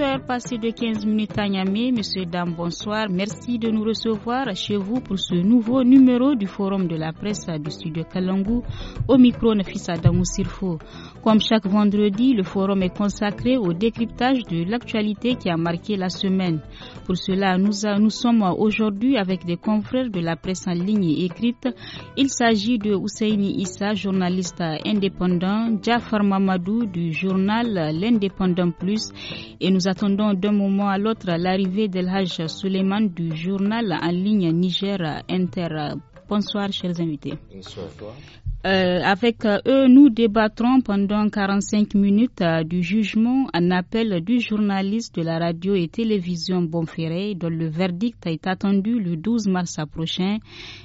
7 de 15 minutes à Niamey. Monsieur, dames, bonsoir. Merci de nous recevoir chez vous pour ce nouveau numéro du Forum de la presse du studio Kalangou au micro Nafisa Damou Comme chaque vendredi, le forum est consacré au décryptage de l'actualité qui a marqué la semaine. Pour cela, nous, nous sommes aujourd'hui avec des confrères de la presse en ligne écrite. Il s'agit de Ousseini Issa, journaliste indépendant, Jafar Mamadou du journal L'Indépendant Plus et nous nous attendons d'un moment à l'autre l'arrivée d'Elhaj Hajj Suleiman du journal en ligne Niger Inter. Bonsoir, chers invités. Bonsoir. Euh, avec euh, eux, nous débattrons pendant 45 minutes euh, du jugement en appel du journaliste de la radio et télévision Bonferré, dont le verdict est attendu le 12 mars prochain,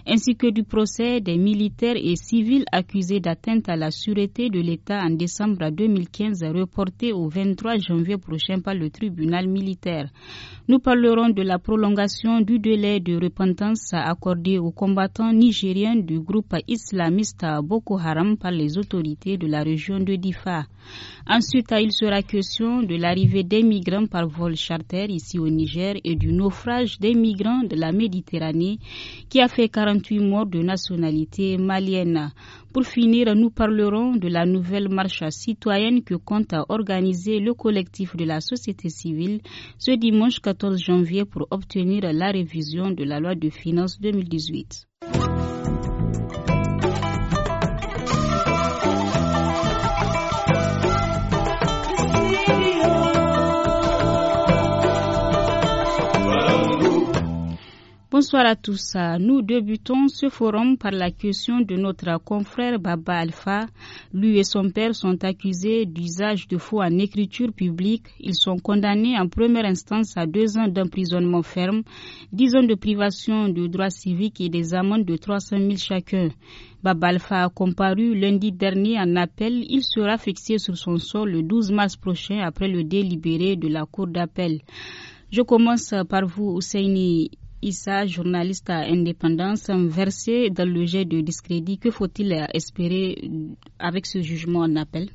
ainsi que du procès des militaires et civils accusés d'atteinte à la sûreté de l'État en décembre 2015, reporté au 23 janvier prochain par le tribunal militaire. Nous parlerons de la prolongation du délai de repentance accordé aux combattants nigériens du groupe islamiste Boko Haram par les autorités de la région de Difa. Ensuite, il sera question de l'arrivée des migrants par vol charter ici au Niger et du naufrage des migrants de la Méditerranée qui a fait 48 morts de nationalité malienne. Pour finir, nous parlerons de la nouvelle marche citoyenne que compte organiser le collectif de la société civile ce dimanche 14 janvier pour obtenir la révision de la loi de finances 2018. Bonsoir à tous. Nous débutons ce forum par la question de notre confrère Baba Alpha. Lui et son père sont accusés d'usage de faux en écriture publique. Ils sont condamnés en première instance à deux ans d'emprisonnement ferme, dix ans de privation de droits civiques et des amendes de 300 000 chacun. Baba Alpha a comparu lundi dernier en appel. Il sera fixé sur son sol le 12 mars prochain après le délibéré de la Cour d'appel. Je commence par vous, Ousseini Issa, journaliste à indépendance, versé dans le jet de discrédit. Que faut-il espérer avec ce jugement en appel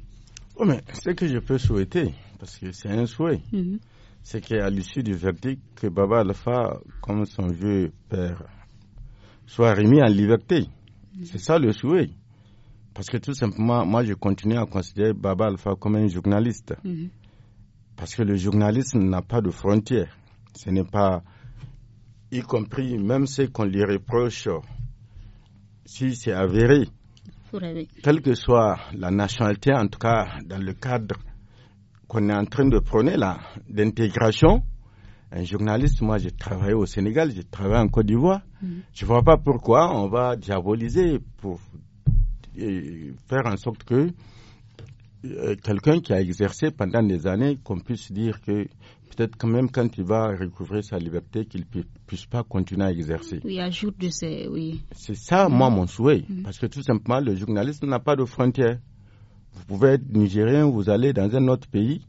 oh, Ce que je peux souhaiter, parce que c'est un souhait, mm-hmm. c'est qu'à l'issue du verdict, que Baba Alpha, comme son vieux père, soit remis en liberté. Mm-hmm. C'est ça le souhait. Parce que tout simplement, moi, je continue à considérer Baba Alpha comme un journaliste. Mm-hmm. Parce que le journalisme n'a pas de frontières. Ce n'est pas y compris même ce qu'on lui reproche, si c'est avéré, quelle que soit la nationalité, en tout cas dans le cadre qu'on est en train de prôner là, d'intégration, un journaliste, moi j'ai travaillé au Sénégal, j'ai travaillé en Côte d'Ivoire, mm. je ne vois pas pourquoi on va diaboliser pour faire en sorte que euh, quelqu'un qui a exercé pendant des années, qu'on puisse dire que peut-être quand même quand il va récupérer sa liberté, qu'il ne puisse pas continuer à exercer. Oui, ajoute de ces... Oui. C'est ça, moi, mon souhait. Mm-hmm. Parce que tout simplement, le journaliste n'a pas de frontières. Vous pouvez être nigérien, vous allez dans un autre pays.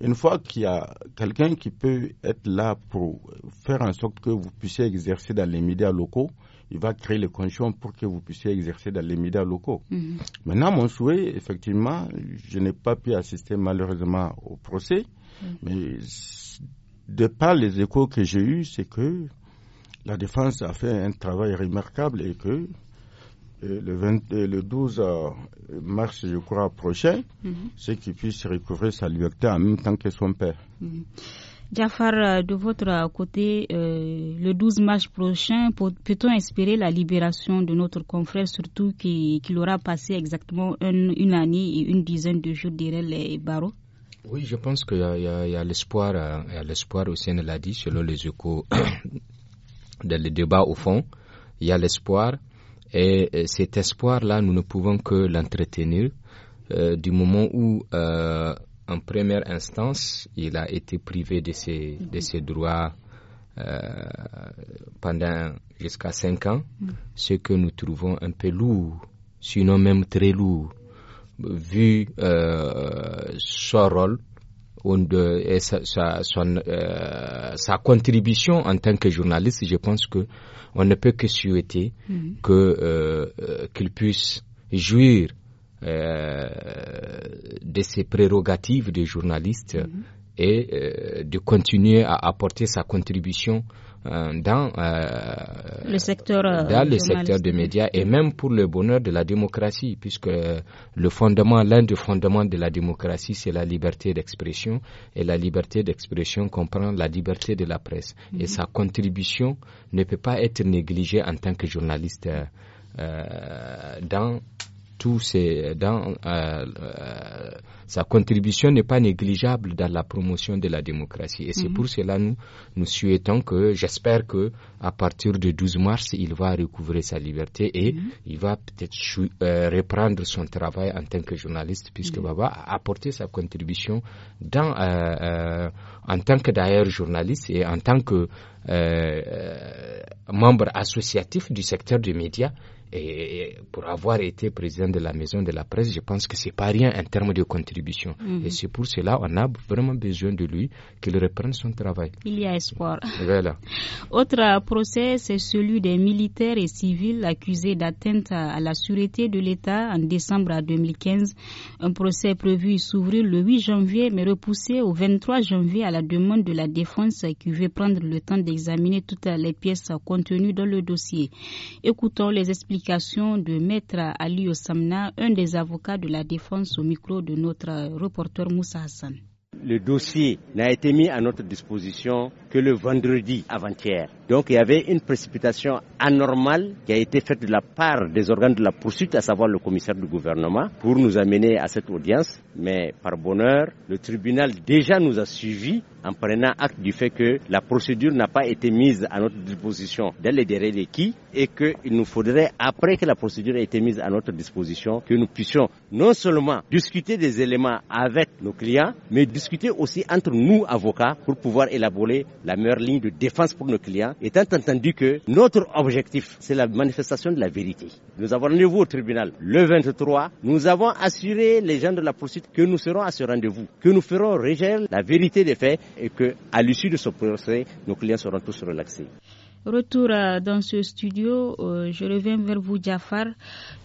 Une fois qu'il y a quelqu'un qui peut être là pour faire en sorte que vous puissiez exercer dans les médias locaux, il va créer les conditions pour que vous puissiez exercer dans les médias locaux. Mm-hmm. Maintenant, mon souhait, effectivement, je n'ai pas pu assister malheureusement au procès, Mm. Mais de par les échos que j'ai eus, c'est que la défense a fait un travail remarquable et que euh, le, euh, le 12 euh, mars, je crois, prochain, mm-hmm. c'est qu'il puisse recouvrir sa liberté en même temps que son père. Mm de votre côté, le 12 mars prochain, peut-on espérer la libération de notre confrère, surtout qu'il aura passé exactement une année et une dizaine de jours derrière les barreaux oui, je pense qu'il y a, l'espoir, il y a l'espoir, euh, l'a dit, selon les échos dans le débat au fond, il y a l'espoir. Et cet espoir-là, nous ne pouvons que l'entretenir euh, du moment où, euh, en première instance, il a été privé de ses, ses droits pendant jusqu'à cinq ans, mm. ce que nous trouvons un peu lourd, sinon même très lourd vu euh, son rôle euh, et sa, contribution en tant que journaliste, je pense que on ne peut que souhaiter mhm. que euh, qu'il puisse jouir de ses prérogatives de journaliste mhm. et de continuer à apporter sa contribution euh, euh, euh, dans, le secteur, dans le secteur des médias et même pour le bonheur de la démocratie, puisque le fondement, l'un des fondements de la démocratie, c'est la liberté d'expression et la liberté d'expression comprend la liberté de la presse et mhm. sa contribution ne peut pas être négligée en tant que journaliste dans tous ces dans sa contribution n'est pas négligeable dans la promotion de la démocratie. Et c'est mhm. pour cela nous nous souhaitons que, j'espère que, à partir du 12 mars, il va recouvrer sa liberté et mhm. il va peut-être euh, reprendre son travail en tant que journaliste, puisque va mhm. apporter Baba sa contribution dans, euh, euh, en tant que d'ailleurs journaliste et en tant que membre associatif du secteur des médias. Et, pour avoir été président de la maison de la presse, je pense que c'est pas rien en termes de contribution. Mhm. Et c'est pour cela on a vraiment besoin de lui qu'il reprenne son travail. Il y a espoir. Voilà. Autre procès, c'est celui des militaires et civils accusés d'atteinte à la sûreté de l'État en décembre 2015. Un procès prévu s'ouvrir le 8 janvier, mais repoussé au 23 janvier à la demande de la défense qui veut prendre le temps d'examiner toutes les pièces contenues dans le dossier. Écoutons les explications de Maître Ali Osamna, un des avocats de la défense au micro de notre reporter Moussa Hassan. Le dossier n'a été mis à notre disposition que le vendredi avant-hier. Donc il y avait une précipitation anormale qui a été faite de la part des organes de la poursuite, à savoir le commissaire du gouvernement, pour nous amener à cette audience. Mais par bonheur, le tribunal déjà nous a suivis en prenant acte du fait que la procédure n'a pas été mise à notre disposition dans les délais requis et qu'il nous faudrait, après que la procédure ait été mise à notre disposition, que nous puissions non seulement discuter des éléments avec nos clients, mais discuter aussi entre nous, avocats, pour pouvoir élaborer la meilleure ligne de défense pour nos clients, étant entendu que notre objectif, c'est la manifestation de la vérité. Nous avons rendez-vous au tribunal le 23. Nous avons assuré les gens de la poursuite que nous serons à ce rendez-vous, que nous ferons régler la vérité des faits et qu'à l'issue de ce procès, nos clients seront tous relaxés. Retour euh, dans ce studio, euh, je reviens vers vous, Jafar.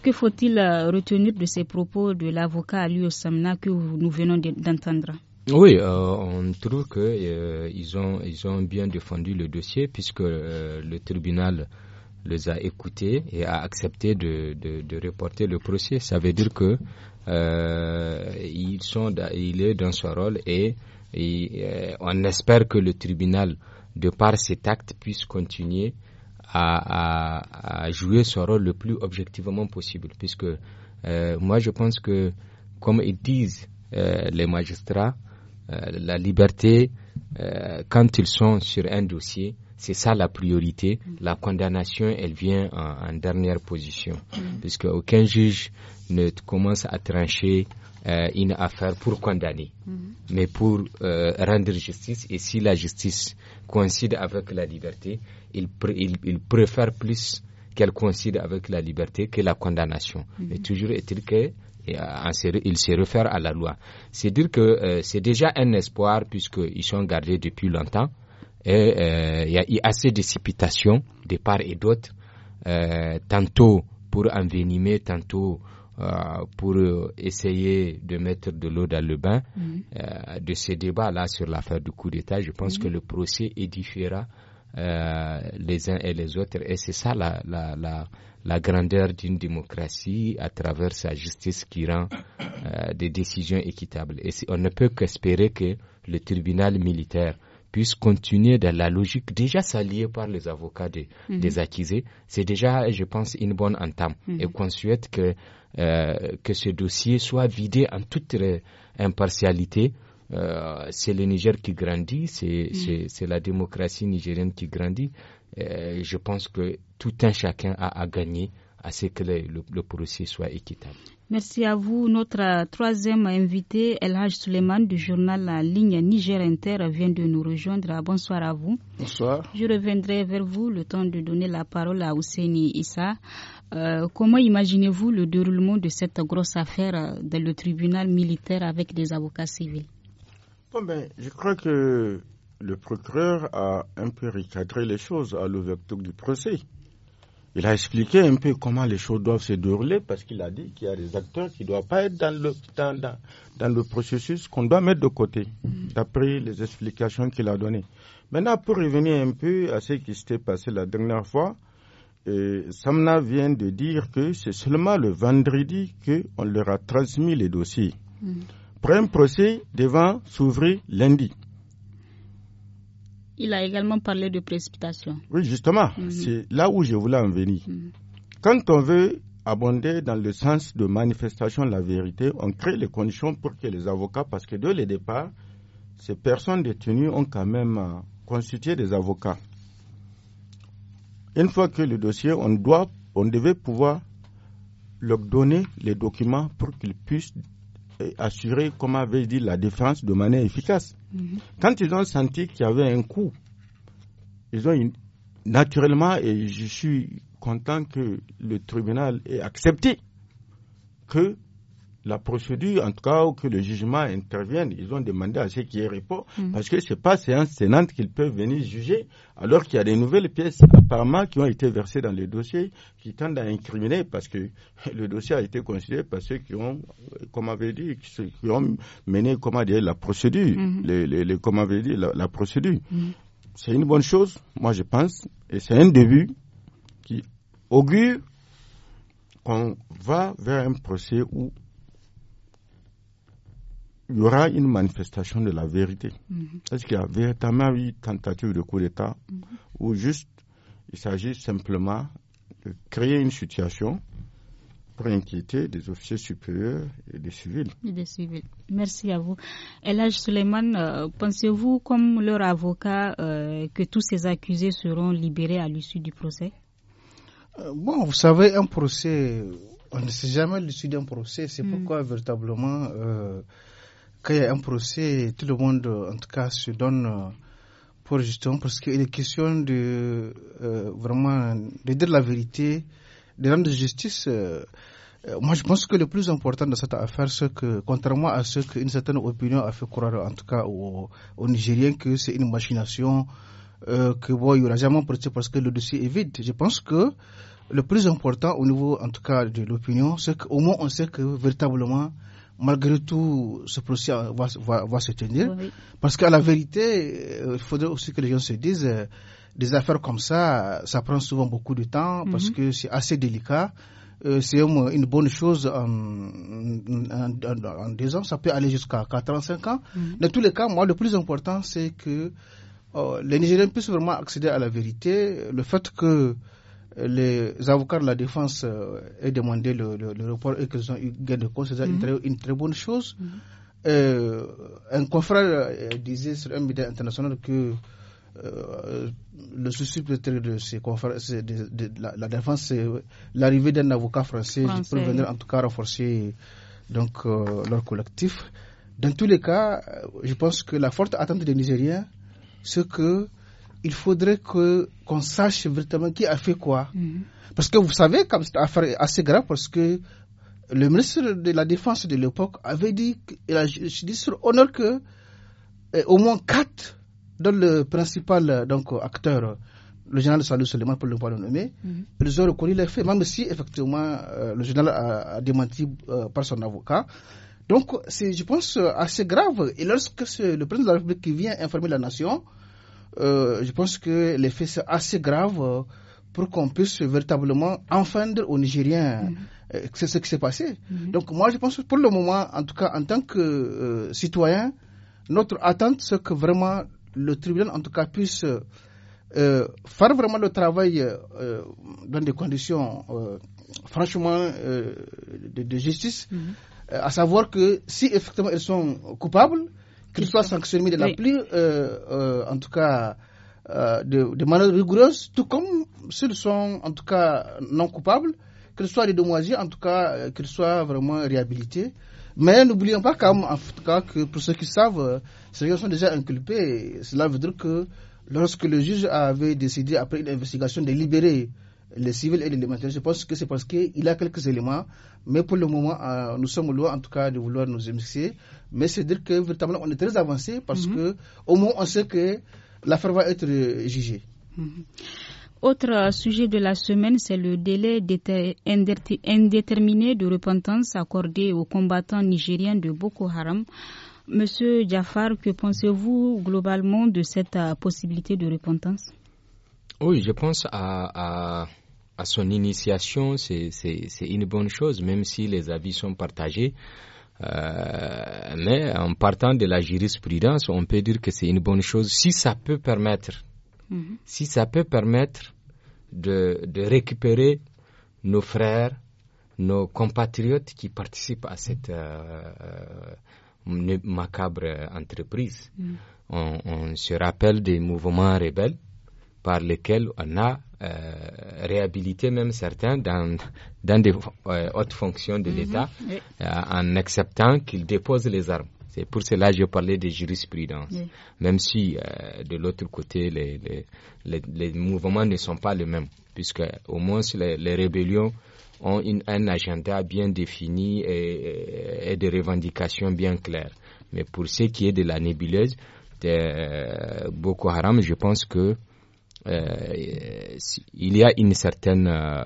Que faut-il euh, retenir de ces propos de l'avocat Ali Osamna que nous venons d'entendre oui, on trouve qu'ils ont, ils ont bien défendu le dossier puisque le tribunal les a écoutés et a accepté de, de, reporter le procès. Ça veut dire que ils sont, il est dans son rôle et et euh, on espère que le tribunal, de par cet acte, puisse continuer à, jouer son rôle le plus objectivement possible. Puisque euh, moi, je pense que, comme ils disent euh, les magistrats, la liberté, quand ils sont sur un dossier, c'est ça la priorité. Mm. La condamnation, elle vient en, dernière position, mm. puisque aucun juge ne commence à trancher euh, une affaire pour condamner, mm. mais pour euh, rendre justice. Et si la justice coïncide avec la liberté, il, préfère plus qu'elle coïncide avec la liberté que la condamnation. Mais mm-hmm. toujours est-il qu'il euh, se réfère à la loi. C'est dire que c'est déjà un espoir puisqu'ils sont gardés depuis longtemps et euh, il y a eu assez de précipitations de part et d'autre, euh, tantôt pour envenimer, tantôt euh, pour essayer de mettre de l'eau dans le bain. Mm-hmm. de ce débat-là sur l'affaire du coup d'État, je pense mm-hmm. que le procès édifiera les uns et les autres et c'est ça la, la, la, la grandeur d'une démocratie à travers sa justice qui rend des décisions équitables. Et on ne peut qu'espérer que le tribunal militaire puisse continuer dans la logique déjà saliée par les avocats mhm. des accusés, c'est déjà, je pense, une bonne entame. Mhm. Et qu'on souhaite que, euh, que ce dossier soit vidé en toute euh, impartialité. Euh, c'est le Niger qui grandit, mhm. c'est c'est la démocratie nigérienne qui grandit. je pense que tout un chacun a à gagner à ce que le, procès soit équitable. Merci à vous. Notre troisième invité, Elhaj Suleiman du journal La Ligne Niger Inter, vient de nous rejoindre. Bonsoir à vous. Bonsoir. Je reviendrai vers vous le temps de donner la parole à Ousseini Issa. Euh, comment imaginez-vous le déroulement de cette grosse affaire dans le tribunal militaire avec des avocats civils bon ben, Je crois que le procureur a un peu recadré les choses à l'ouverture du procès. Il a expliqué un peu comment les choses doivent se dérouler parce qu'il a dit qu'il y a des acteurs qui ne doivent pas être dans le, dans, le processus qu'on doit mettre de côté, mm. d'après les explications qu'il a données. Maintenant, pour revenir un peu à ce qui s'était passé la dernière fois, euh, Samna vient de dire que c'est seulement le vendredi qu'on leur a transmis les dossiers. Mmh. procès devant s'ouvrir lundi. Il a également parlé de précipitation. Oui, justement, mhm. c'est là où je voulais en venir. Mhm. Quand on veut abonder dans le sens de manifestation de la vérité, on crée les conditions pour que les avocats, parce que dès le départ, ces personnes détenues ont quand même euh, constitué des avocats. Une fois que le dossier, on doit, on devait pouvoir leur donner les documents pour qu'ils puissent assurer, comme avait dit, la défense de manière efficace. Mhm. Quand ils ont senti qu'il y avait un coup, ils ont naturellement, et je suis content que le tribunal ait accepté que la procédure, en tout cas, que le jugement intervienne, ils ont demandé à ceux qui y répondent, mm. parce que c'est pas séance tenante qu'ils peuvent venir juger, alors qu'il y a des nouvelles pièces apparemment qui ont été versées dans les dossiers, qui tendent à incriminer, parce que le dossier a été considéré par ceux qui ont, comme avait dit, qui, ont mené, comment dire, la procédure, mm-hmm. les, les, comme avait dit, la, procédure. Mm-hmm. C'est une bonne chose, moi je pense, et c'est un début qui augure qu'on va vers un procès où il y aura une manifestation de la vérité. Mhm. Est-ce qu'il y a véritablement eu tentative de coup d'État mhm. ou juste il s'agit simplement de créer une situation pour inquiéter des officiers supérieurs et des civils. des civils. Merci à vous. Elage Suleiman, euh, pensez-vous, comme leur avocat, euh, que tous ces accusés seront libérés à l'issue du procès euh, Bon, vous savez, un procès, on ne sait jamais l'issue d'un procès. C'est mm. pourquoi, véritablement, quand il y a un procès, tout le monde, euh, en tout cas, se donne euh, pour justement, parce qu'il est question de euh, vraiment de dire la vérité, de rendre justice. moi, je pense que le plus important dans cette affaire, c'est que, contrairement à ce qu'une certaine opinion a fait croire, en tout cas aux, aux Nigériens, que c'est une machination, euh, que bon, il n'y aura jamais un procès parce que le dossier est vide. Je pense que le plus important au niveau, en tout cas, de l'opinion, c'est qu'au moins on sait que véritablement malgré tout, ce procès va, se tenir. Parce qu'à la vérité, euh, il faudrait aussi que les gens se disent, euh, des affaires comme ça, ça prend souvent beaucoup de temps mhm. parce que c'est assez délicat. Euh, c'est une, bonne chose en, deux ans, ça peut aller jusqu'à 45 ans. ans. Mhm. Dans tous les cas, moi, le plus important, c'est que les Nigériens puissent vraiment accéder à la vérité. Le fait que les avocats de la défense euh, aient demandé le, report et qu'ils ont eu gain de cause. C'est mhm. une, très, bonne chose. Mhm. Euh, un confrère euh, disait sur un média international que le souci de la, défense, c'est l'arrivée d'un avocat français, qui peut venir en tout cas renforcer donc, leur collectif. Dans tous les cas, je pense que la forte attente des Nigériens, c'est que il faudrait que qu'on sache Vraiment qui a fait quoi. Mm. Parce que vous savez, comme cette affaire assez grave, parce que le ministre de la Défense de l'époque avait dit, il a dit sur honneur que eh, au moins quatre, dont le principal euh, donc, acteur, le général Salou Suleiman, pour ne pas le nommer, mm. ont reconnu les faits, même si effectivement euh, le général a, démenti euh, par son avocat. Donc c'est, je pense, assez grave. Et lorsque le président de la République vient informer la nation, euh, je pense que les faits sont assez graves euh, pour qu'on puisse véritablement enfendre aux Nigériens. Mhm. Euh, que C'est ce qui s'est passé. Mhm. Donc moi, je pense que pour le moment, en tout cas en tant que citoyen, notre attente, c'est que vraiment le tribunal, en tout cas, puisse euh, faire vraiment le travail dans des conditions, franchement, de, justice, mhm. à savoir que si effectivement ils sont coupables, qu'il soit sanctionné de la euh, euh, en tout cas, euh, de, manière rigoureuse, tout comme s'ils sont, en tout cas, non coupables, qu'ils soient dédommagés, en tout cas, qu'ils soient vraiment réhabilités. Mais n'oublions pas quand en tout cas, que pour ceux qui savent, ces gens sont déjà inculpés. Cela veut dire que lorsque le juge avait décidé, après une investigation, de libérer les civils et les militaires. Je pense que c'est parce qu'il a quelques éléments, mais pour le moment, euh, nous sommes loin en tout cas de vouloir nous émixer. Mais c'est dire que véritablement, on est très avancé parce qu'au mhm. que au moins, on sait que l'affaire va être jugée. Mhm. Autre euh, sujet de la semaine, c'est le délai indéterminé de repentance accordé aux combattants nigériens de Boko Haram. Monsieur Jafar, que pensez-vous globalement de cette euh, possibilité de repentance Oui, je pense à à son initiation, c'est une bonne chose, même si les avis sont partagés. Euh, mais en partant de la jurisprudence, on peut dire que c'est une bonne chose si ça peut permettre, mhm. si ça peut permettre de, récupérer nos frères, nos compatriotes qui participent à cette euh, euh, macabre entreprise. Mhm. on se rappelle des mouvements rebelles par lesquels on a euh, réhabiliter même certains dans, dans des hautes euh, fonctions de mhm. l'État euh, en acceptant qu'ils déposent les armes. C'est pour cela que je parlais de jurisprudence. Même si de l'autre côté, les, les, les, mouvements ne sont pas les mêmes, puisque au moins les, rébellions ont une, un agenda bien défini et, et, des revendications bien claires. Mais pour ce qui est de la nébuleuse, de Boko Haram, je pense que euh, il y a une certaine euh,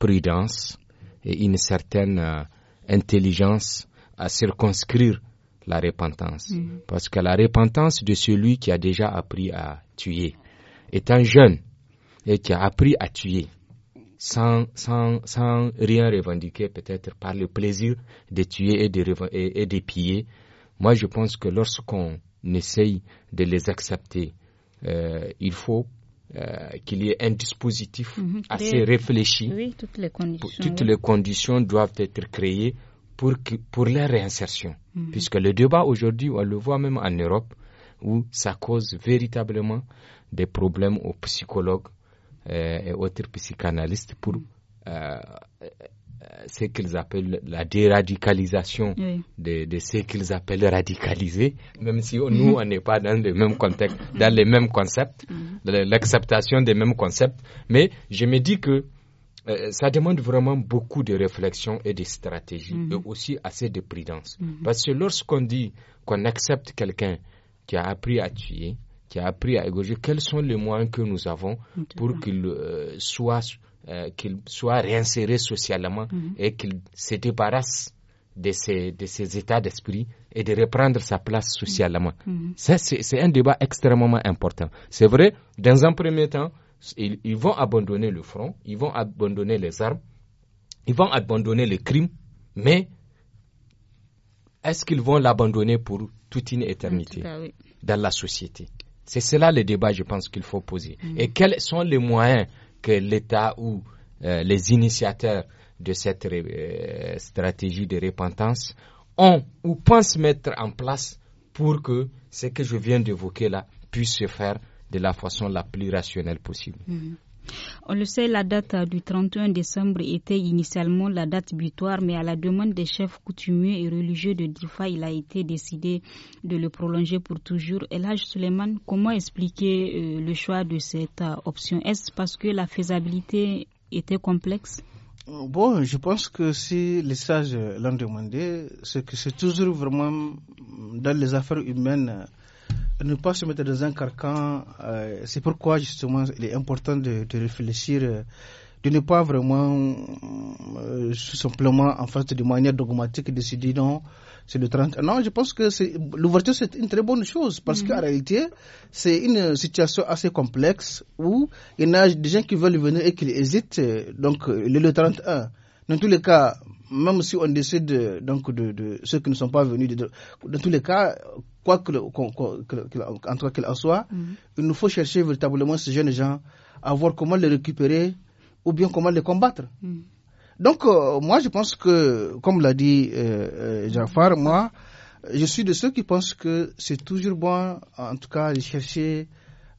prudence et une certaine euh, intelligence à circonscrire la repentance. Mm. Parce que la repentance de celui qui a déjà appris à tuer, étant jeune et qui a appris à tuer, sans, sans, sans rien revendiquer, peut-être par le plaisir de tuer et de, et, de piller, moi je pense que lorsqu'on essaye de les accepter, il faut euh, qu'il y ait un dispositif mhm. assez réfléchi. toutes les conditions. doivent être créées pour, pour réinsertion. Mhm. Puisque le débat aujourd'hui, on le voit même en Europe, où ça cause véritablement des problèmes aux psychologues euh, et autres psychanalystes pour mhm. euh, euh, ce qu'ils appellent la déradicalisation de, ce qu'ils appellent radicaliser, même si nous, mhm. on n'est pas dans le même contexte, dans les mêmes concepts, mhm. l'acceptation des mêmes concepts. Mais je me dis que euh, ça demande vraiment beaucoup de réflexion et de stratégie, mhm. et aussi assez de prudence. Parce que lorsqu'on dit qu'on accepte quelqu'un qui a appris à tuer, qui a appris à égorger, quels sont les moyens que nous avons pour qu'il euh, soit euh, qu'il soit réinséré socialement mhm. et qu'il se débarrasse de ses, de états d'esprit et de reprendre sa place socialement. Mhm. Mhm. C'est un débat extrêmement important. C'est vrai, dans un premier temps, ils, vont abandonner le front, ils vont abandonner les armes, ils vont abandonner le crime, mais est-ce qu'ils vont l'abandonner pour toute une éternité dans la société C'est cela le débat, je pense, qu'il faut poser. Et quels sont les moyens que l'État ou euh, les initiateurs de cette euh, stratégie de repentance ont ou pensent mettre en place pour que ce que je viens d'évoquer là puisse se faire de la façon la plus rationnelle possible. Mm-hmm. On le sait, la date du 31 décembre était initialement la date butoir, mais à la demande des chefs coutumiers et religieux de Difa, il a été décidé de le prolonger pour toujours. Elhaj Suleiman, comment expliquer euh, le choix de cette euh, option Est-ce parce que la faisabilité était complexe euh, Bon, je pense que si les sages l'ont demandé, c'est que c'est toujours vraiment dans les affaires humaines ne pas se mettre dans un carcan, euh, c'est pourquoi justement il est important de, de réfléchir, euh, de ne pas vraiment euh, simplement en face de manière dogmatique de se non, c'est le 30. Non, je pense que l'ouverture c'est une très bonne chose parce mhm. qu'en réalité c'est une situation assez complexe où il y a des gens qui veulent venir et qui hésitent, donc le, le 31. Dans tous les cas, même si on décide euh, donc de, ceux qui ne sont pas venus, dans tous les cas, quoi que, qu'il en soit, mhm. il nous faut chercher véritablement ces jeunes gens, à voir comment les récupérer ou bien comment les combattre. Mhm. Donc, euh, moi, je pense que, comme l'a dit euh, Jafar, mhm. moi, je suis de ceux qui pensent que c'est toujours bon, en tout cas, de chercher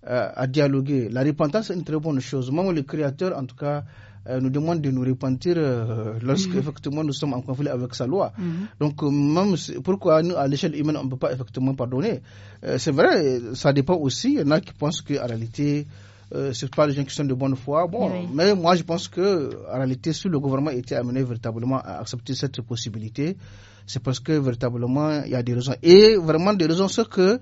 à dialoguer. La repentance est une très bonne chose. Même le Créateur, en tout cas, euh, nous demande de nous repentir euh, lorsque mhm. effectivement nous sommes en conflit avec sa loi. Mhm. Donc euh, même pourquoi nous à l'échelle humaine on ne peut pas effectivement pardonner euh, C'est vrai, ça dépend aussi. Il y en a qui pensent qu'en réalité euh, ce pas des gens qui sont de bonne foi. Bon, mais moi je pense que en réalité si le gouvernement était amené véritablement à accepter cette possibilité, c'est parce que véritablement il y a des raisons. Et vraiment des raisons, c'est que,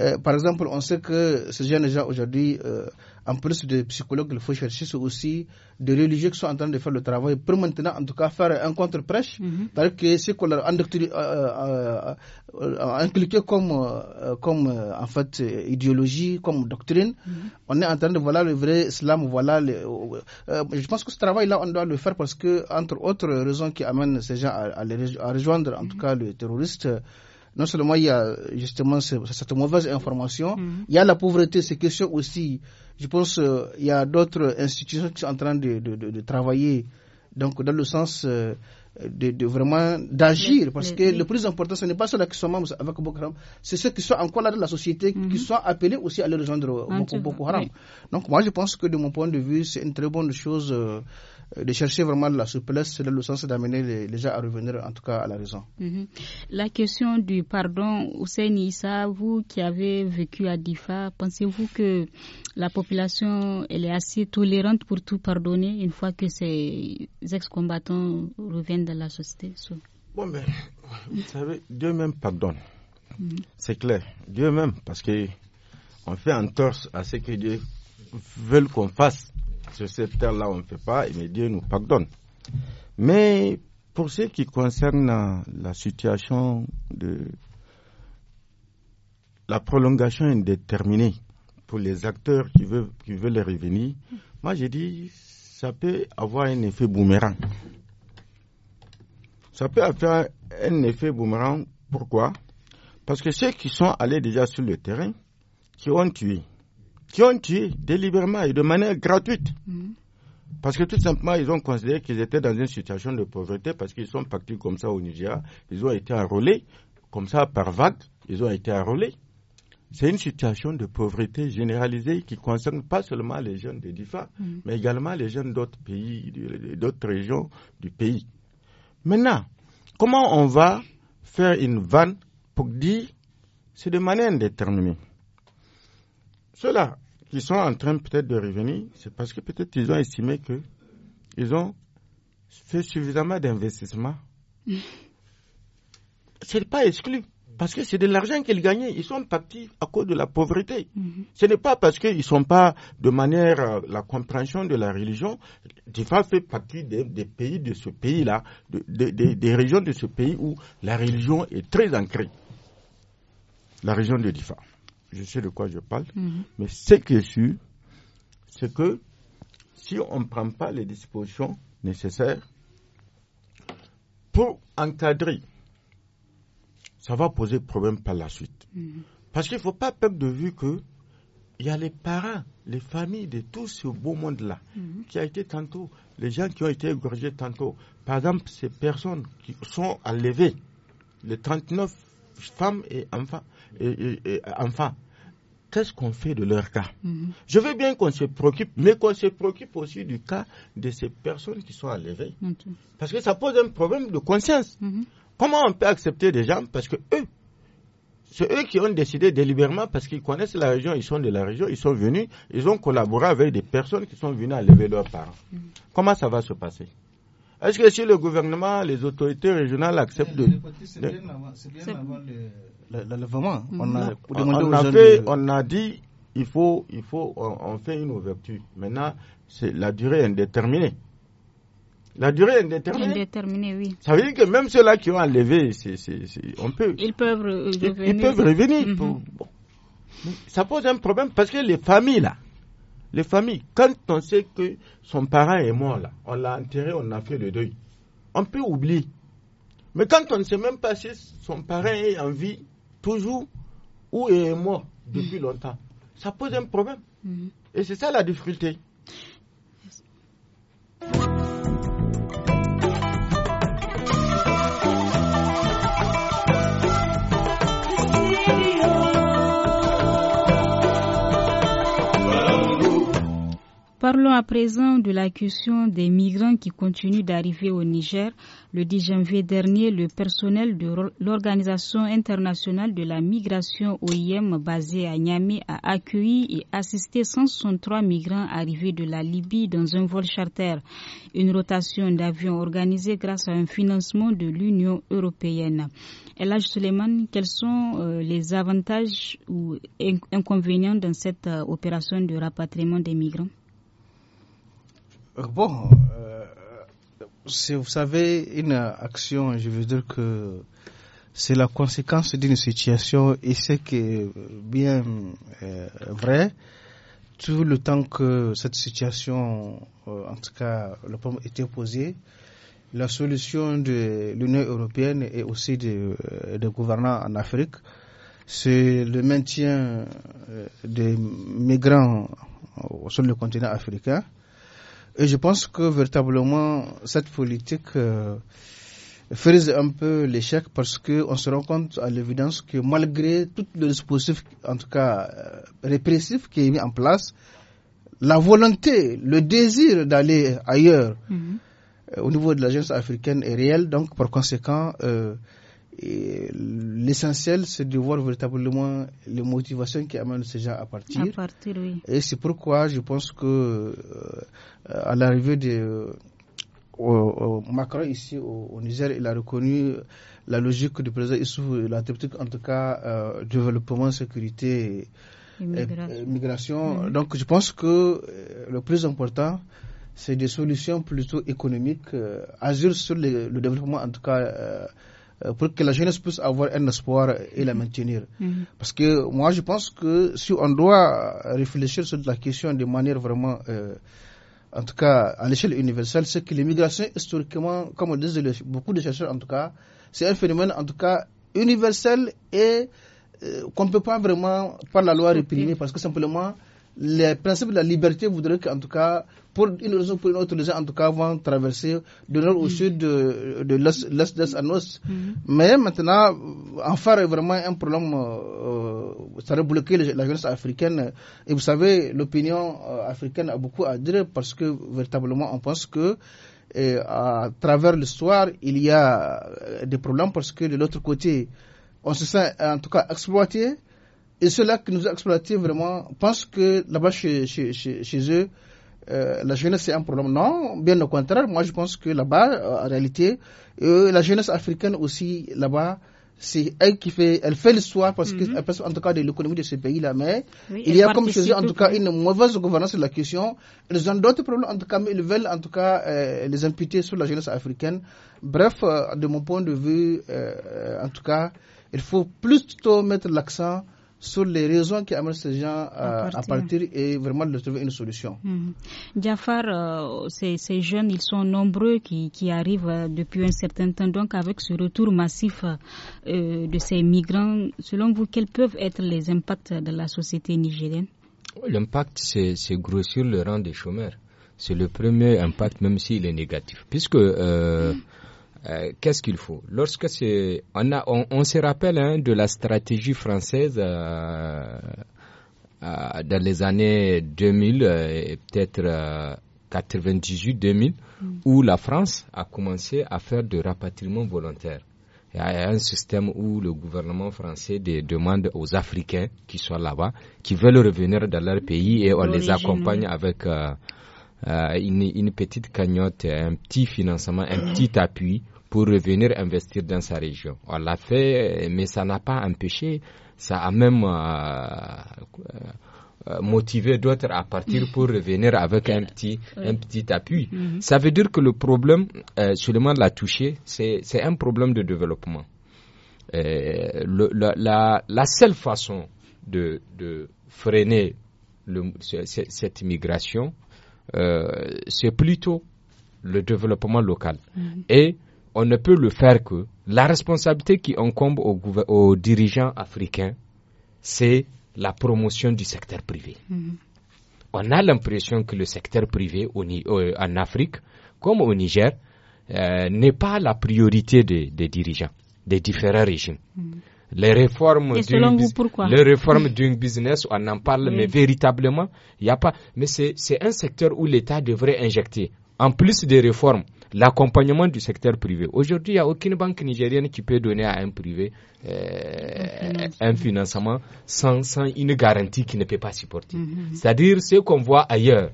euh, par exemple, on sait que ces jeunes gens aujourd'hui, euh, en plus de psychologues, il faut chercher aussi des religieux qui sont en train de faire le travail pour maintenant, en tout cas, faire un contre-prêche. Parce mhm. que ce qu'on leur a euh, euh, euh, inculqué comme, en fait, idéologie, comme doctrine, mhm. on est en train de voir le vrai islam, voilà. je pense que ce travail-là, on doit le faire parce que, entre autres raisons qui amènent ces gens à, à, rejoindre, en tout mhm. cas, le terroriste, non seulement il y a justement cette mauvaise information, mm-hmm. il y a la pauvreté, ces questions aussi. Je pense euh, il y a d'autres institutions qui sont en train de, de, de, travailler donc dans le sens euh, de, de, vraiment d'agir parce que le plus important ce n'est pas ceux qui sont membres avec Boko Haram c'est ceux qui sont encore là dans la société qui mm-hmm. sont appelés aussi à les rejoindre ah, Boko, Haram donc moi je pense que de mon point de vue c'est une très bonne chose euh, de chercher vraiment la souplesse c'est le sens d'amener les, gens à revenir en tout cas à la raison. Mhm. La question du pardon, Hussein Issa, vous qui avez vécu à Difa, pensez-vous que la population elle est assez tolérante pour tout pardonner une fois que ces ex-combattants reviennent dans la société Bon, mais vous mm. savez, Dieu même pardonne. Mm. C'est clair. Dieu même, parce que on fait torse à ce que Dieu veut qu'on fasse sur cette là on ne fait pas, mais Dieu nous pardonne. Mais pour ce qui concerne la, situation de la prolongation indéterminée pour les acteurs qui veulent, qui veulent revenir, moi j'ai dit, ça peut avoir un effet boomerang. Ça peut avoir un effet boomerang. Pourquoi Parce que ceux qui sont allés déjà sur le terrain, qui ont tué, qui ont tué délibérément et de manière gratuite. Mm. Parce que tout simplement, ils ont considéré qu'ils étaient dans une situation de pauvreté parce qu'ils sont partis comme ça au Nigeria. Ils ont été enrôlés, comme ça, par vague. Ils ont été enrôlés. C'est une situation de pauvreté généralisée qui concerne pas seulement les jeunes de DIFA, mm. mais également les jeunes d'autres pays, d'autres régions du pays. Maintenant, comment on va faire une vanne pour dire c'est de manière indéterminée Cela, qui sont en train peut-être de revenir, c'est parce que peut-être ils ont estimé que ils ont fait suffisamment d'investissements. Mm. Ce n'est pas exclu. Parce que c'est de l'argent qu'ils gagnaient. Ils sont partis à cause de la pauvreté. Mm-hmm. Ce n'est pas parce qu'ils ne sont pas de manière euh, la compréhension de la religion. Difa fait partie des, pays de ce pays-là, des régions de ce pays où la religion est très ancrée. La région de Difa je sais de quoi je parle. Mhm. Mais ce qui est sûr, c'est que si on ne prend pas les dispositions nécessaires pour encadrer, ça va poser problème par la suite. Mhm. Parce qu'il ne faut pas perdre de vue que il y a les parents, les familles de tout ce beau monde-là, mhm. qui a été tantôt, les gens qui ont été égorgés tantôt. Par exemple, ces personnes qui sont enlevées, les 39 femmes et enfants, et enfants qu'est-ce qu'on fait de leur cas mm-hmm. Je veux bien qu'on se préoccupe, mm-hmm. mais qu'on se préoccupe aussi du cas de ces personnes qui sont à Parce que ça pose un problème de conscience. Mm-hmm. Comment on peut accepter des gens parce que eux, c'est eux qui ont décidé délibérément parce qu'ils connaissent la région, ils sont de la région, ils sont venus, ils ont collaboré avec des personnes qui sont venues à leurs parents. Comment ça va se passer est-ce que si le gouvernement, les autorités régionales acceptent de... C'est bien avant l'enlèvement. Mm-hmm. On a, dit, il faut, il faut on, fait une ouverture. Maintenant, c'est la durée indéterminée. La durée indéterminée. Indéterminée, oui. Ça veut dire que même ceux-là qui ont enlevé, on peut. Ils peuvent revenir. Ils, peuvent revenir. Mm-hmm. Ça pose un problème parce que les familles, là, les familles, quand on sait que son parent est mort, là, on l'a enterré, on a fait le deuil, on peut oublier. Mais quand on ne sait même pas si son parent est en vie, toujours, ou est mort depuis longtemps, ça pose un problème. Mm-hmm. Et c'est ça la difficulté. Parlons à présent de la des migrants qui continuent d'arriver au Niger. Le 10 janvier dernier, le personnel de l'Organisation internationale de la migration OIM basée à Niamey a accueilli et assisté 163 migrants arrivés de la Libye dans un vol charter, une rotation d'avions organisée grâce à un financement de l'Union européenne. Elage Suleiman, quels sont euh, les avantages ou inconvénients dans cette euh, opération de rapatriement des migrants? Bon, euh, si vous savez, une action, je veux dire que c'est la conséquence d'une situation et c'est que bien euh, vrai tout le temps que cette situation euh, en tout cas le problème était posé la solution de l'Union européenne et aussi des gouvernants en Afrique c'est le maintien des migrants sur le continent africain et je pense que véritablement, cette politique euh, frise un peu l'échec parce qu'on se rend compte à l'évidence que malgré tout le dispositif, en tout cas euh, répressif, qui est mis en place, la volonté, le désir d'aller ailleurs mhm. euh, au niveau de l'agence africaine est réel. Donc, par conséquent, euh, l'essentiel, c'est de voir véritablement les motivations qui amènent ces gens à partir. Et c'est pourquoi je pense que euh, à l'arrivée de euh, Macron ici au, Niger, il a reconnu la logique du président Issou, la théorie, en tout cas euh, développement, sécurité, et migration. Donc je pense que le plus important, c'est des solutions plutôt économiques, agir sur le développement en tout cas pour que la jeunesse puisse avoir un espoir et la maintenir. Mhm. Parce que moi, je pense que si on doit réfléchir sur la question de manière vraiment, euh, en tout cas à l'échelle universelle, c'est que l'immigration, historiquement, comme disent beaucoup de chercheurs en tout cas, c'est un phénomène en tout cas universel et euh, qu'on ne peut pas vraiment, par la loi, réprimer parce que simplement les principes de la liberté voudraient qu'en tout cas, pour une raison ou pour une autre, les gens en tout cas vont traverser de nord au mm. sud, de, l'est, à l'ouest. Mm. Mais maintenant, en faire vraiment un problème, euh, euh, ça aurait bloqué la jeunesse africaine. Et vous savez, l'opinion euh, africaine a beaucoup à dire parce que véritablement on pense que à travers l'histoire, il y a des problèmes parce que de l'autre côté, on se sent en tout cas exploité et ceux-là nous exploitons vraiment pense que là-bas chez, eux, euh, la jeunesse c'est un problème. Non, bien au contraire, moi je pense que là-bas, euh, en réalité, euh, la jeunesse africaine aussi, là-bas, c'est elle qui fait, elle fait l'histoire parce qu'elle mhm. passe en tout cas de l'économie de ce pays-là, mais il y a comme chez eux, en tout cas, une mauvaise gouvernance de la question. Ils ont d'autres problèmes, en tout cas, mais ils veulent en tout cas les imputer sur la jeunesse africaine. Bref, de mon point de vue, en tout cas, il faut plutôt mettre l'accent sur les raisons qui amènent ces gens euh, à, partir. et vraiment de trouver une solution. Mmh. ces, jeunes, ils sont nombreux qui, qui, arrivent euh, depuis un certain temps. Donc, avec ce retour massif de ces migrants, selon vous, quels peuvent être les impacts de la société nigérienne L'impact, c'est grossir le rang des chômeurs. C'est le premier impact, même s'il est négatif. Puisque. Mm. Euh, qu'est-ce qu'il faut Lorsque c'est, on, se rappelle hein, de la stratégie française euh, euh, dans les années 2000 et peut-être 98-2000, mm. où la France a commencé à faire de rapatriement volontaire. Il y a un système où le gouvernement français demande aux Africains qui sont là-bas, qui veulent revenir dans leur pays et on les accompagne avec une, une, petite cagnotte, un petit financement, un petit appui pour revenir investir dans sa région. On l'a fait, mais ça n'a pas empêché, ça a même euh, euh, motivé d'autres à partir pour revenir avec un petit, un petit appui. Mhm. Ça veut dire que le problème, euh, seulement de la toucher, c'est un problème de développement. la, seule façon de, freiner le, cette migration, c'est plutôt le développement local. Mhm. Et on ne peut le faire que la responsabilité qui incombe aux, aux dirigeants africains, c'est la promotion du secteur privé. Mm-hmm. On a l'impression que le secteur privé euh, en Afrique, comme au Niger, euh, n'est pas la priorité des, dirigeants des différents régimes. Mm-hmm. Les réformes, d'une les business, on en parle, mais véritablement, il n'y a pas. Mais c'est un secteur où l'État devrait injecter en plus des réformes, l'accompagnement du secteur privé. Aujourd'hui, il n'y a aucune banque nigérienne qui peut donner à un privé euh, un, financement, sans, une garantie qui ne peut pas supporter. Mm-hmm, mm-hmm. C'est-à-dire ce qu'on voit ailleurs.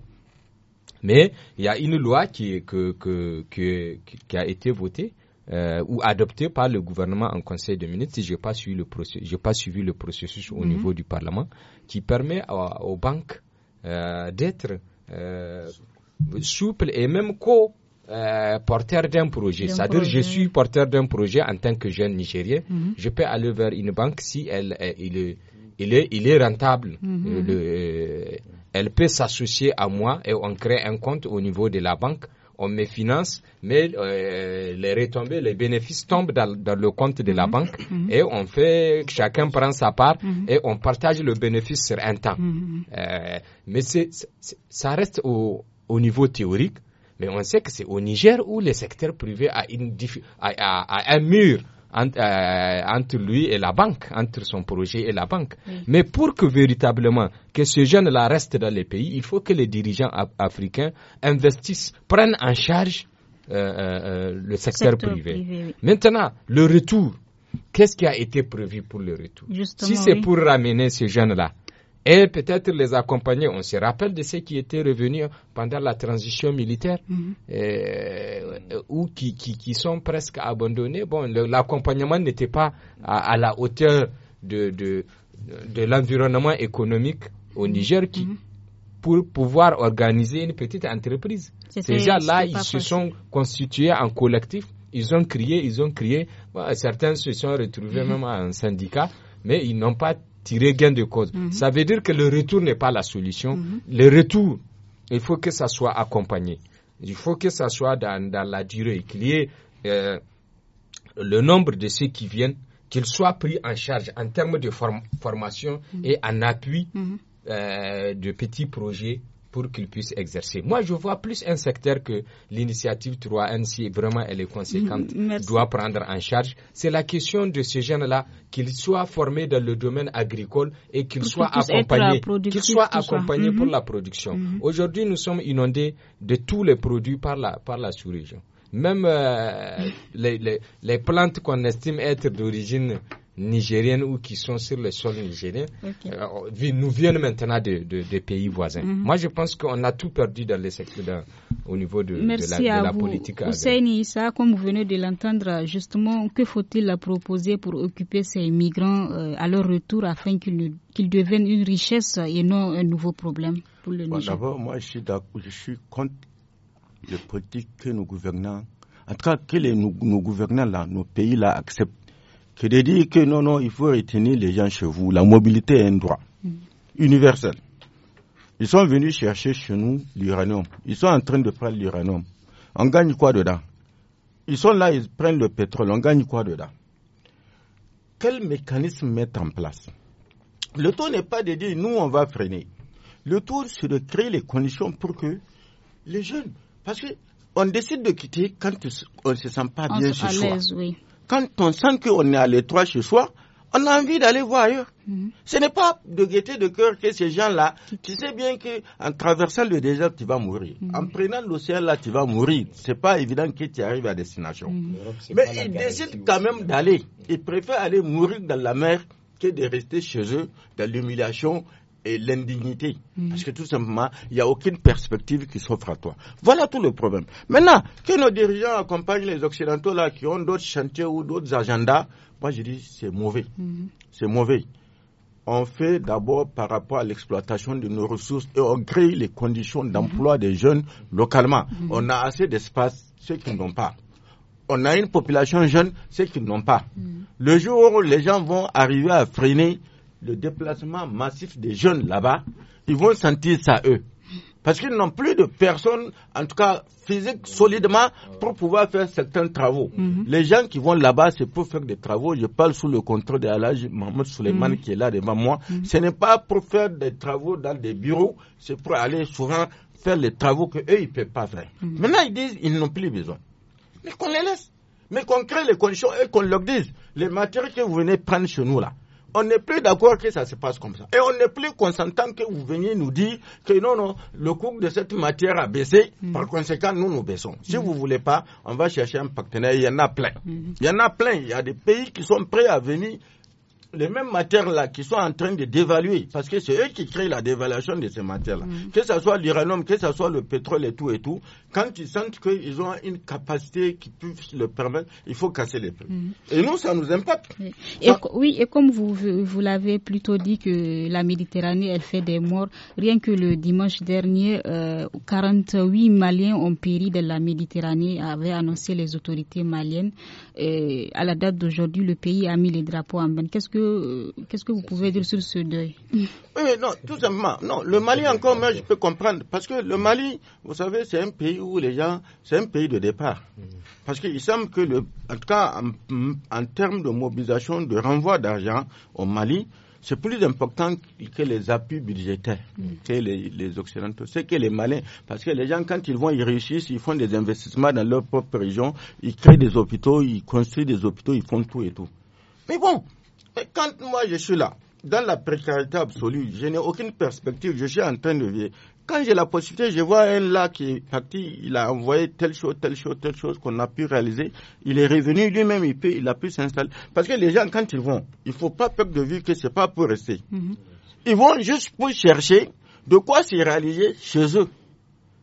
Mais il y a une loi qui, que, que, qui a été votée euh, ou adoptée par le gouvernement en Conseil de ministres, je n'ai pas, suivi le processus, pas suivi le processus au mm-hmm. niveau du Parlement, qui permet aux banques euh, d'être souple et même co euh, porteur d'un projet. C'est-à-dire, je suis porteur d'un projet en tant que jeune Nigérien. Mhm. Je peux aller vers une banque si elle, euh, il est, il est, rentable. Mhm. Euh, elle peut s'associer à moi et on crée un compte au niveau de la banque. On me finance, mais les retombées, les bénéfices tombent dans, le compte de la mhm. banque et on fait, chacun prend sa part et on partage le bénéfice sur un temps. mais ça reste au, au niveau théorique, mais on sait que c'est au Niger où le secteur privé a, un mur euh, entre, lui et la banque, entre son projet et la banque. Mais pour que véritablement que ce jeune-là reste dans les pays, il faut que les dirigeants africains investissent, prennent en charge euh, euh, le secteur, privé. Maintenant, le retour. Qu'est-ce qui a été prévu pour le retour Si c'est pour ramener ce jeune là et peut-être les accompagner. On se rappelle de ceux qui étaient revenus pendant la transition militaire mhm. euh, euh, ou qui, qui, sont presque abandonnés. Bon, l'accompagnement n'était pas à, la hauteur de, de, de l'environnement économique au mhm. Niger qui, mhm. pour pouvoir organiser une petite entreprise. déjà là ils se sont constitués en collectif, ils ont crié, ils ont crié. certains se sont retrouvés même en syndicat, mais ils n'ont pas de mhm. Ça veut dire que le retour n'est pas la solution. Mhm. Le retour, il faut que ça soit accompagné. Il faut que ça soit dans, la durée, qu'il y ait euh, le nombre de ceux qui viennent, qu'ils soient pris en charge en termes de formation mhm. et en appui euh, de petits projets pour qu'ils puissent exercer. Moi, je vois plus un secteur que l'initiative 3N, si vraiment elle est conséquente, doit prendre en charge. C'est la question de ces jeunes-là, qu'ils soient formés dans le domaine agricole et qu'ils soient, accompagnés, qu'ils pour mm-hmm. la production. Mm-hmm. Aujourd'hui, nous sommes inondés de tous les produits par la, par la sous-région même euh, les, les, plantes qu'on estime être d'origine nigériennes ou qui sont sur le sol nigérien euh, nous viennent maintenant des de, pays voisins. Mhm. Moi, je pense qu'on a tout perdu dans les secteurs au niveau de, la, à vous. politique. Issa, comme vous venez de l'entendre, justement, que faut-il proposer pour occuper ces migrants euh, à leur retour afin qu'ils deviennent une richesse et non un nouveau problème pour le bon, Niger D'abord, moi, je suis, contre le politique que nos gouvernants, en tout que nos, gouvernants, là, nos pays là, accepté que de dire que non, non, il faut retenir les gens chez vous. La mobilité est un droit universel. Ils sont venus chercher chez nous l'uranium. Ils sont en train de prendre l'uranium. On gagne quoi dedans Ils sont là, ils prennent le pétrole. On gagne quoi dedans Quel mécanisme mettre en place Le tour n'est pas de dire nous, on va freiner. Le tour, c'est de créer les conditions pour que les jeunes. Parce qu'on décide de quitter quand on ne se sent pas bien chez soi quand on sent qu'on est à l'étroit chez soi, on a envie d'aller voir ailleurs. Mm-hmm. Ce n'est pas de gaieté de cœur que ces gens-là, tu sais bien qu'en traversant le désert, tu vas mourir. Mm-hmm. En prenant l'océan là, tu vas mourir. n'est pas évident que tu arrives à destination. Mm-hmm. Mais ils décident quand même d'aller. Ils préfèrent aller mourir dans la mer que de rester chez eux dans l'humiliation et l'indignité. Mhm. Parce que tout simplement, il n'y a aucune perspective qui s'offre à toi. Voilà tout le problème. Maintenant, que nos dirigeants accompagnent les Occidentaux là qui ont d'autres chantiers ou d'autres agendas, moi je dis c'est mauvais. Mhm. C'est mauvais. On fait d'abord par rapport à l'exploitation de nos ressources et on crée les conditions mhm. d'emploi des jeunes localement. On a assez d'espace, ceux qui n'ont pas on a une population jeune, ceux qui n'ont pas. Le jour où les gens vont arriver à freiner le déplacement massif des jeunes là-bas, ils vont sentir ça eux. Parce qu'ils n'ont plus de personnes, en tout cas physiques, solidement, pour pouvoir faire certains travaux. Mhm. Les gens qui vont là-bas, c'est pour faire des travaux. Je parle sous le contrôle de Mahmoud Souleymane mhm. qui est là devant moi. Mhm. Ce n'est pas pour faire des travaux dans des bureaux, c'est pour aller souvent faire les travaux qu'eux, ils ne peuvent pas faire. Maintenant, ils disent ils n'ont plus besoin. Mais qu'on les laisse. Mais qu'on crée les conditions et qu'on leur dise les matériaux que vous venez prendre chez nous là, on n'est plus d'accord que ça se passe comme ça. Et on n'est plus consentant que vous veniez nous dire que non, non, le coût de cette matière a baissé, mm. par conséquent, nous, nous baissons. Si mm. vous ne voulez pas, on va chercher un partenaire, il y en a plein. Mm. Il y en a plein, il y a des pays qui sont prêts à venir les mêmes matières là qui sont en train de dévaluer, parce que c'est eux qui créent la dévaluation de ces matières là, mm. que ce soit l'uranium, que ce soit le pétrole et tout et tout, quand ils sentent qu'ils ont une capacité qui peut le permettre, il faut casser les prix. Mm. Et nous, ça nous impacte. Oui, et, comme vous, vous l'avez plutôt dit que la Méditerranée, elle fait des morts, rien que le dimanche dernier, 48 euh, Maliens ont péri de la Méditerranée, avaient annoncé les autorités maliennes. Et à la date d'aujourd'hui, le pays a mis les drapeaux en main. Qu'est-ce que euh, qu'est-ce que vous pouvez dire sur ce deuil Oui, non, tout simplement. Non, le Mali encore, moi, je peux comprendre. Parce que le Mali, vous savez, c'est un pays où les gens, c'est un pays de départ. Parce qu'il semble que, le, en tout cas, en, termes de mobilisation, de renvoi d'argent au Mali, c'est plus important que les appuis budgétaires, que les, Occidentaux, c'est que les Malins. Parce que les gens, quand ils vont, ils réussissent, ils font des investissements dans leur propre région, ils créent des hôpitaux, ils construisent des hôpitaux, ils font tout et tout. Mais bon, et quand moi je suis là, dans la précarité absolue, je n'ai aucune perspective, je suis en train de vivre. Quand j'ai la possibilité, je vois un là qui il a envoyé telle chose, telle chose, telle chose qu'on a pu réaliser. Il est revenu lui-même, il, il a pu s'installer. Parce que les gens, quand ils vont, il ne faut pas peur de vivre que ce n'est pas pour rester. Mhm. Ils vont juste pour chercher de quoi s'y réaliser chez eux.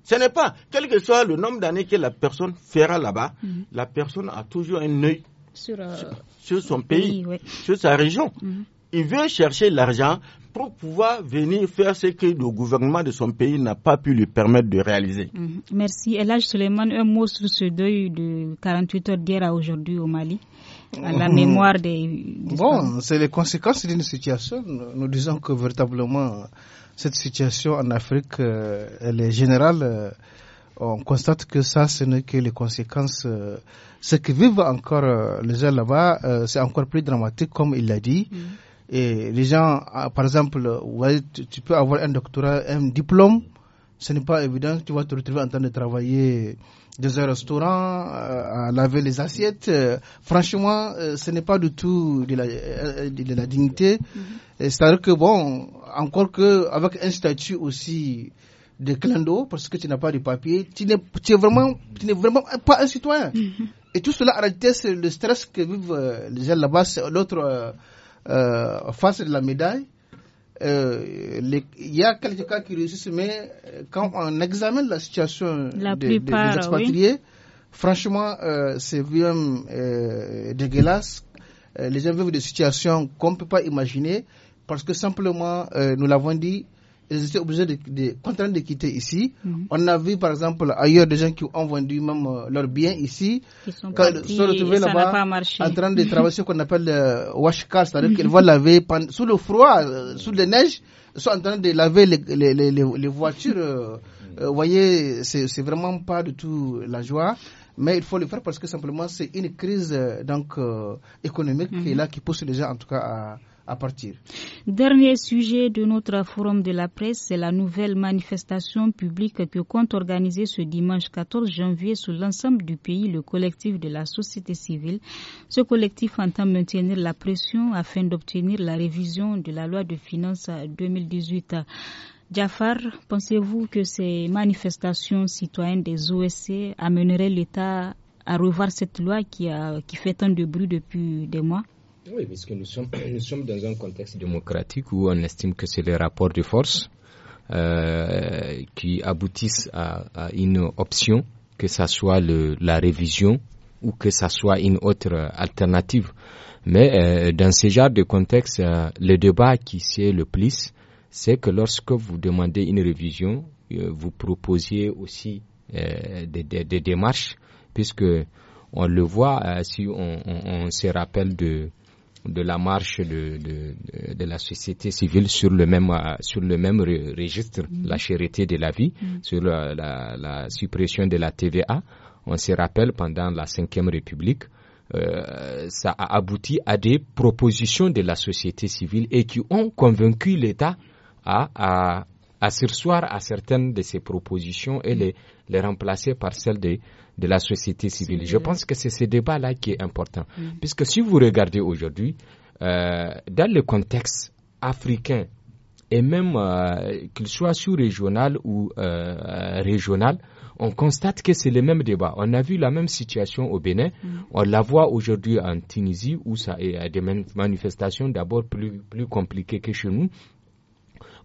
Ce n'est pas, quel que soit le nombre d'années que la personne fera là-bas, mhm. la personne a toujours un œil euh, sur, son pays, sur sa région. Mhm. Il veut chercher l'argent pour pouvoir venir faire ce que le gouvernement de son pays n'a pas pu lui permettre de réaliser. Mhm. Merci. Et là, Suleiman, un mot sur ce deuil de 48 heures d'hier à aujourd'hui au Mali à la mhm. mémoire des bon, c'est les conséquences d'une situation. Nous disons que véritablement, cette situation en Afrique, euh, elle est générale euh, on constate que ça, ce n'est que les conséquences. Euh, ce que vivent encore euh, les gens là-bas, euh, c'est encore plus dramatique, comme il l'a dit. Mm. Et les gens, par exemple, ouais, tu, peux avoir un doctorat, un diplôme, ce n'est pas évident. Tu vas te retrouver en train de travailler dans un restaurant, à laver les assiettes. franchement, ce n'est pas du tout de la, de la dignité. Mm-hmm. C'est-à-dire que, bon, encore que avec un statut aussi de clando parce que tu n'as pas de papier, tu n'es, tu es vraiment, tu n'es vraiment pas un citoyen. Mm-hmm. Et tout cela, en réalité, c'est le stress que vivent euh, les gens là-bas, c'est l'autre euh, euh, face de la médaille. Il y a quelques cas qui réussissent, mais quand on examine la situation des expatriés, franchement, c'est vraiment dégueulasse. Les gens vivent des situations qu'on ne peut pas imaginer parce que simplement, nous l'avons dit, ils étaient obligés de, de, de quitter ici. Mhm. On a vu par exemple ailleurs des gens qui ont vendu même euh, leurs biens ici, qui sont retrouvés là-bas en train de travailler ce qu'on appelle le euh, cars, c'est-à-dire qu'ils mhm. vont laver sous le froid, euh, sous les neiges, sont en train de laver les, les, les, voitures. Vous mhm. voyez, c'est vraiment pas du tout la joie mais il faut le faire parce que simplement c'est une crise donc économique qui est là qui pousse les gens en tout cas à, à partir. Dernier sujet de notre forum de la presse, c'est la nouvelle manifestation publique que compte organiser ce dimanche 14 janvier sur l'ensemble du pays le collectif de la société civile. Ce collectif entend maintenir la pression afin d'obtenir la révision de la loi de finances 2018. Jafar, pensez-vous que ces manifestations citoyennes des OSC amèneraient l'État à revoir cette loi qui, qui fait tant de bruit depuis des mois oui, parce que nous sommes, nous sommes dans un contexte démocratique où on estime que c'est les rapports de force euh, qui aboutissent à, une option, que ça soit le, la révision ou que ça soit une autre alternative. Mais euh, dans ce genre de contexte, euh, le débat qui sied le plus, c'est que lorsque vous demandez une révision, vous proposiez aussi des, démarches, puisque on le voit si on se rappelle de de la marche de, de, de, la société civile sur le même, euh, sur le même registre, mm. la charité de la vie, mm. sur la, la, suppression de la TVA. On se rappelle pendant la Ve République, euh, ça a abouti à des propositions de la société civile et qui ont convaincu l'État à, à, à à certaines de ces propositions et les, les remplacer par celles des de la société civile. Je pense que c'est ce débat-là qui est important. Mm. Puisque si vous regardez aujourd'hui, euh, dans le contexte africain, et même euh, qu'il soit sous-régional ou euh, euh, régional, on constate que c'est le même débat. On a vu la même situation au Bénin, mm. on la voit aujourd'hui en Tunisie où ça est a des manifestations d'abord plus, plus compliquées que chez nous.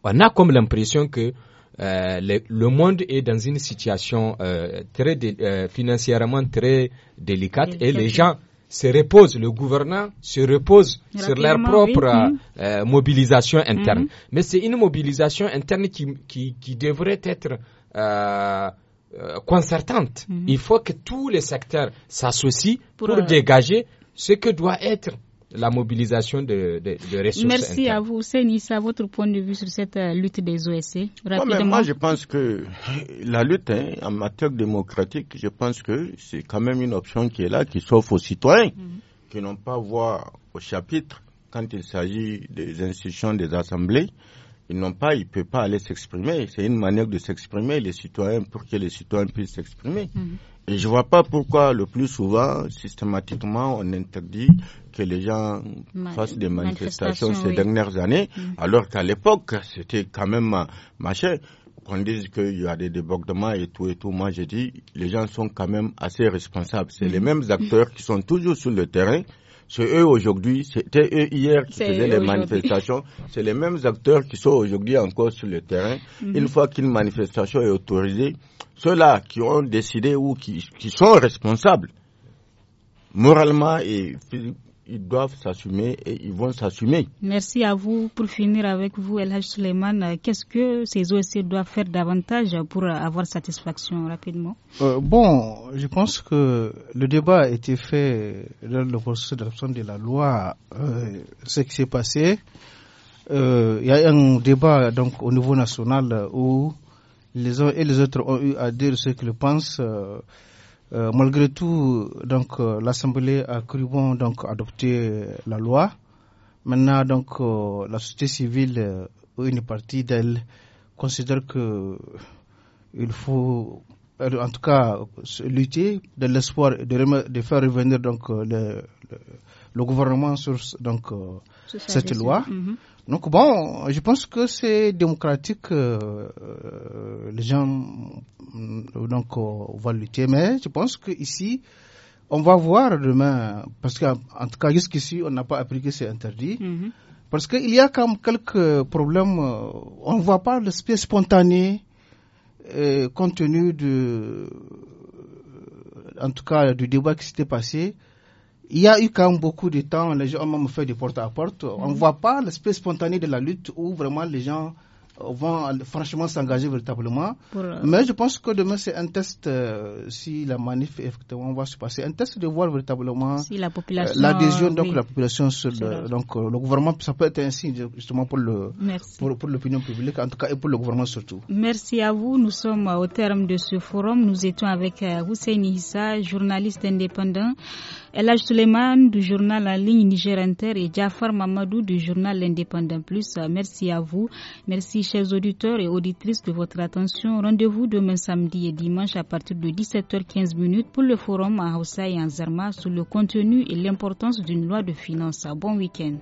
On a comme l'impression que euh, le monde est dans une situation euh, très euh, financièrement très délicate et les gens se reposent, le gouvernement se repose sur leur propre mobilisation mhm. interne. Mais c'est une mobilisation interne qui, devrait être concertante. Mhm. Il faut que tous les secteurs s'associent pour dégager ce que doit être la mobilisation de, de, ressources. Merci à vous, Sénissa. Votre point de vue sur cette euh, lutte des OSC rapidement. moi, je pense que la lutte hein, en matière démocratique, je pense que c'est quand même une option qui est là, qui s'offre aux citoyens mhm. qui n'ont pas voix au chapitre quand il s'agit des institutions, des assemblées ils n'ont pas, ils ne peuvent pas aller s'exprimer. C'est une manière de s'exprimer, les citoyens, pour que les citoyens puissent s'exprimer. Mm-hmm. Et je ne vois pas pourquoi le plus souvent, systématiquement, on interdit que les gens fassent des manifestations, ces dernières années, mm-hmm. alors qu'à l'époque, c'était quand même euh, machin. Qu'on dise qu'il y a des débordements et tout et tout, moi j'ai dit, les gens sont quand même assez responsables. C'est les mm-hmm. mêmes acteurs qui sont toujours sur le terrain, c'est eux aujourd'hui, c'était eux hier qui faisaient les manifestations. C'est les mêmes acteurs qui sont aujourd'hui encore sur le terrain. Mhm. Une fois qu'une manifestation est autorisée, ceux-là qui ont décidé ou qui, sont responsables moralement et ils doivent s'assumer et ils vont s'assumer. Merci à vous. Pour finir avec vous, L.H. Suleiman, qu'est-ce que ces OSC doivent faire davantage pour avoir satisfaction rapidement euh, Bon, je pense que le débat a été fait dans le processus d'adoption de la loi. Euh, ce qui s'est passé, euh, il y a un débat donc, au niveau national où les uns et les autres ont eu à dire ce qu'ils pensent. Euh, malgré tout, donc euh, l'Assemblée a cru bon donc adopter euh, la loi. Maintenant, donc la société civile, une partie d'elle considère que il faut, en tout cas, lutter de l'espoir de, de, faire revenir donc le, gouvernement sur donc cette loi. Donc bon, je pense que c'est démocratique. Euh, euh, les gens euh, donc vont lutter, mais je pense que ici, on va voir demain, parce qu'en tout cas jusqu'ici, on n'a pas appliqué c'est interdit. Mhm. Parce qu'il y a quand même quelques problèmes. On ne voit pas l'aspect spontané compte tenu de, en tout cas, du débat qui s'était passé il y a eu quand même beaucoup de temps, les gens ont même fait du porte-à-porte. On ne mhm. voit pas l'esprit spontané de la lutte où vraiment les gens euh, vont franchement s'engager véritablement. Euh, Mais je pense que demain, c'est un test, euh, si la manif, effectivement, va se passer, un test de voir véritablement si l'adhésion de donc la population sur donc, le gouvernement. Ça peut être un signe justement, pour l'opinion pour, pour publique, en tout cas, et pour le gouvernement surtout. Merci à vous. Nous sommes au terme de ce forum. Nous étions avec Hussein Issa, journaliste indépendant. Elaj Suleiman du journal en Ligne Niger Inter et Jafar Mamadou du journal L'Indépendant Plus. Merci à vous. Merci chers auditeurs et auditrices de votre attention. Rendez-vous demain samedi et dimanche à partir de 17h15 pour le forum à Hausa et en Zerma sur le contenu et l'importance d'une loi de finances. Bon week-end.